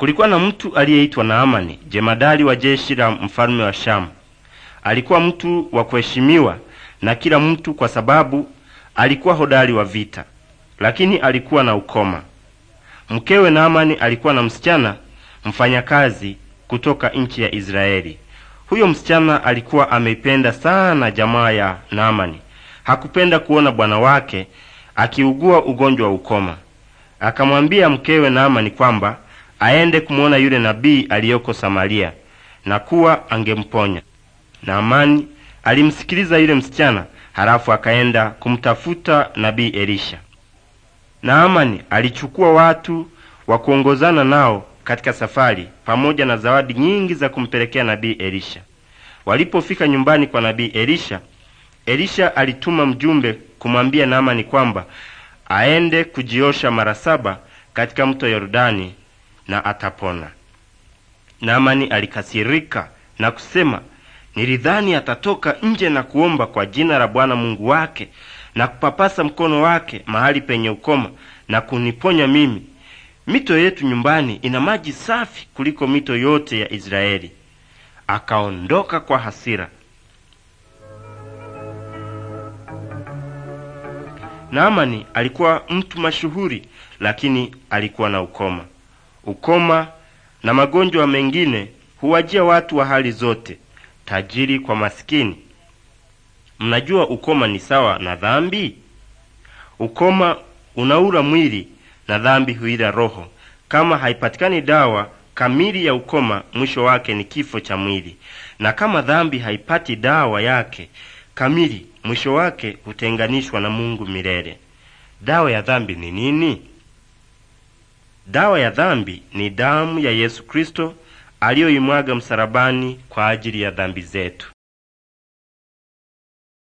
Kulikuwa na mtu aliyeitwa Naamani, jemadari wa jeshi la mfalme wa Shamu. Alikuwa mtu wa kuheshimiwa na kila mtu kwa sababu alikuwa hodari wa vita, lakini alikuwa na ukoma. Mkewe Naamani alikuwa na msichana mfanyakazi kutoka nchi ya Israeli. Huyo msichana alikuwa ameipenda sana jamaa ya Naamani. Hakupenda kuona bwana wake akiugua ugonjwa wa ukoma. Akamwambia mkewe Naamani kwamba aende kumwona yule nabii aliyoko Samaria na kuwa angemponya. Naamani alimsikiliza yule msichana, halafu akaenda kumtafuta nabii Elisha. Naamani alichukua watu wa kuongozana nao katika safari pamoja na zawadi nyingi za kumpelekea nabii Elisha. Walipofika nyumbani kwa nabii Elisha, Elisha alituma mjumbe kumwambia Naamani kwamba aende kujiosha mara saba katika mto Yordani na atapona. Naamani alikasirika na kusema, nilidhani atatoka nje na kuomba kwa jina la Bwana Mungu wake na kupapasa mkono wake mahali penye ukoma na kuniponya mimi. Mito yetu nyumbani ina maji safi kuliko mito yote ya Israeli. Akaondoka kwa hasira. Naamani alikuwa mtu mashuhuri, lakini alikuwa na ukoma ukoma na magonjwa mengine huwajia watu wa hali zote, tajiri kwa masikini. Mnajua ukoma ni sawa na dhambi? Ukoma unaura mwili na dhambi huila roho. Kama haipatikani dawa kamili ya ukoma, mwisho wake ni kifo cha mwili, na kama dhambi haipati dawa yake kamili, mwisho wake hutenganishwa na Mungu milele. Dawa ya dhambi ni nini? Dawa ya dhambi ni damu ya Yesu Kristo aliyoimwaga msalabani kwa ajili ya dhambi zetu.